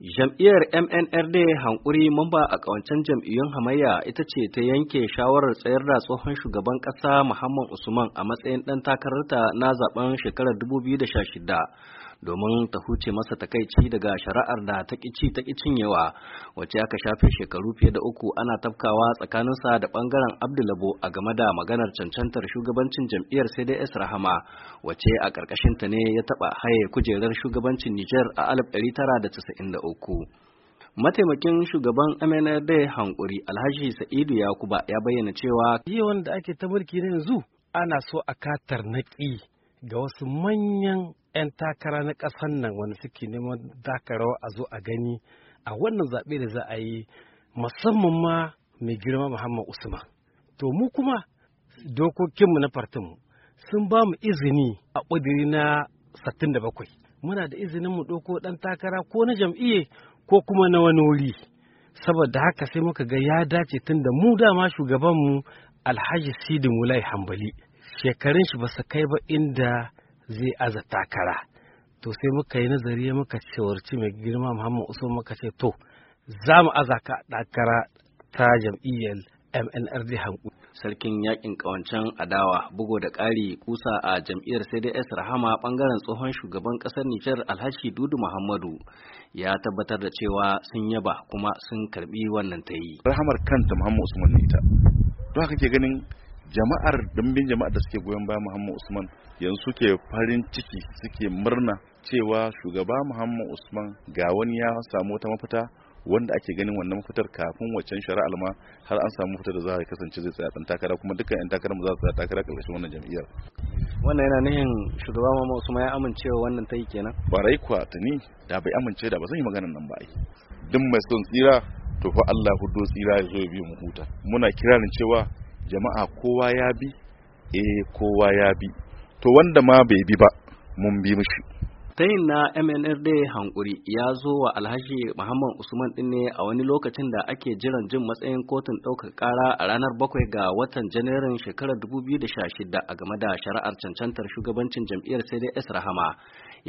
Jam'iyyar MNRD hankuri mamba a ƙawancen jam'iyyun hamayya ita ce ta yanke shawarar tsayar da tsohon shugaban ƙasa Muhammad Usman a matsayin ɗan takararta na zaben shekarar 2016 domin ta huce masa takaici daga shari'ar da ta ƙici ta cinyewa wacce aka shafe shekaru fiye da uku ana tafkawa tsakaninsa da ɓangaren abdulabo a game da maganar cancantar shugabancin jam'iyyar cds rahama wacce a ƙarƙashinta ne ya taɓa haye kujerar shugabancin niger a alif tara da da casa'in uku? mataimakin shugaban Amina da hankuri alhaji sa'idu yakuba ya bayyana cewa yawan da ake ta mulki na yanzu ana so a katar naƙi ga wasu manyan 'yan takara na ƙasan nan wanda suke neman dakarawa a zo a gani a wannan zaɓe da za a yi musamman ma mai girma Muhammad Usman. To mu kuma dokokinmu na fartinmu sun ba mu izini a ƙudiri na da bakwai Muna da izinin mu ɗauko ɗan takara ko na jam'iyye ko kuma na wani wuri. Saboda haka sai muka ga ya dace tun da mu dama shugabanmu Alhaji Sidi Mulai Hambali shekarun shi ba su kai ba inda zai aza takara to sai muka yi nazari muka cewarci mai girma muhammad usman muka ce to za mu aza ka takara ta jam'iyyar mnrd hanku sarkin yakin kawancen adawa bugu da ƙari kusa a jam'iyyar cds rahama bangaren tsohon shugaban ƙasar nijar alhashi dudu muhammadu ya tabbatar da cewa sun yaba kuma sun karbi wannan ta yi rahamar kanta muhammad usman ne ita don haka ke ganin jama'ar dambin jama'ar da suke goyon bayan Muhammad Usman yanzu suke farin ciki suke murna cewa shugaba Muhammad Usman ga wani ya samu wata mafita wanda ake ganin wannan mafitar kafin waccan shari'a ma har an samu mafitar da za a kasance zai tsaya takara kuma dukkan yan takara mu za su tsaya takara karkashin wannan jam'iyyar wannan yana nihin shugaba Muhammad Usman ya amincewa wannan ta yi kenan barai kwa tuni da bai amince da ba zan yi maganar nan ba ai duk mai son tsira to fa Allah hudu tsira ya zo ya biyo mu huta muna kiranin cewa jama'a kowa ya bi eh kowa ya bi to wanda ma bai bi ba mun bi mushi tayin na MNRD hankuri ya zo wa Alhaji Muhammad Usman din ne a wani lokacin da ake jiran jin matsayin kotun ɗaukar ƙara a ranar bakwai ga watan Janairun shekarar 2016 a game da shari'ar cancantar shugabancin jam'iyyar CDS Rahama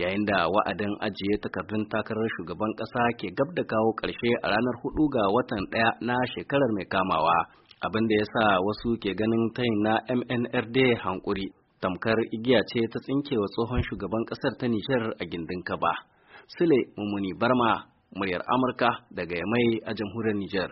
yayin da wa'adin ajiye takardun takarar shugaban ƙasa ke gab da kawo ƙarshe a ranar 4 ga watan ɗaya na shekarar mai kamawa. abin da ya sa wasu ke ganin tayin na MNRD hankuri tamkar igiya ce ta tsinkewa tsohon shugaban ƙasar ta Nijar a gindin kaba. Sule Mumuni Barma, muryar Amurka daga Yamai a jamhuriyar Nijar.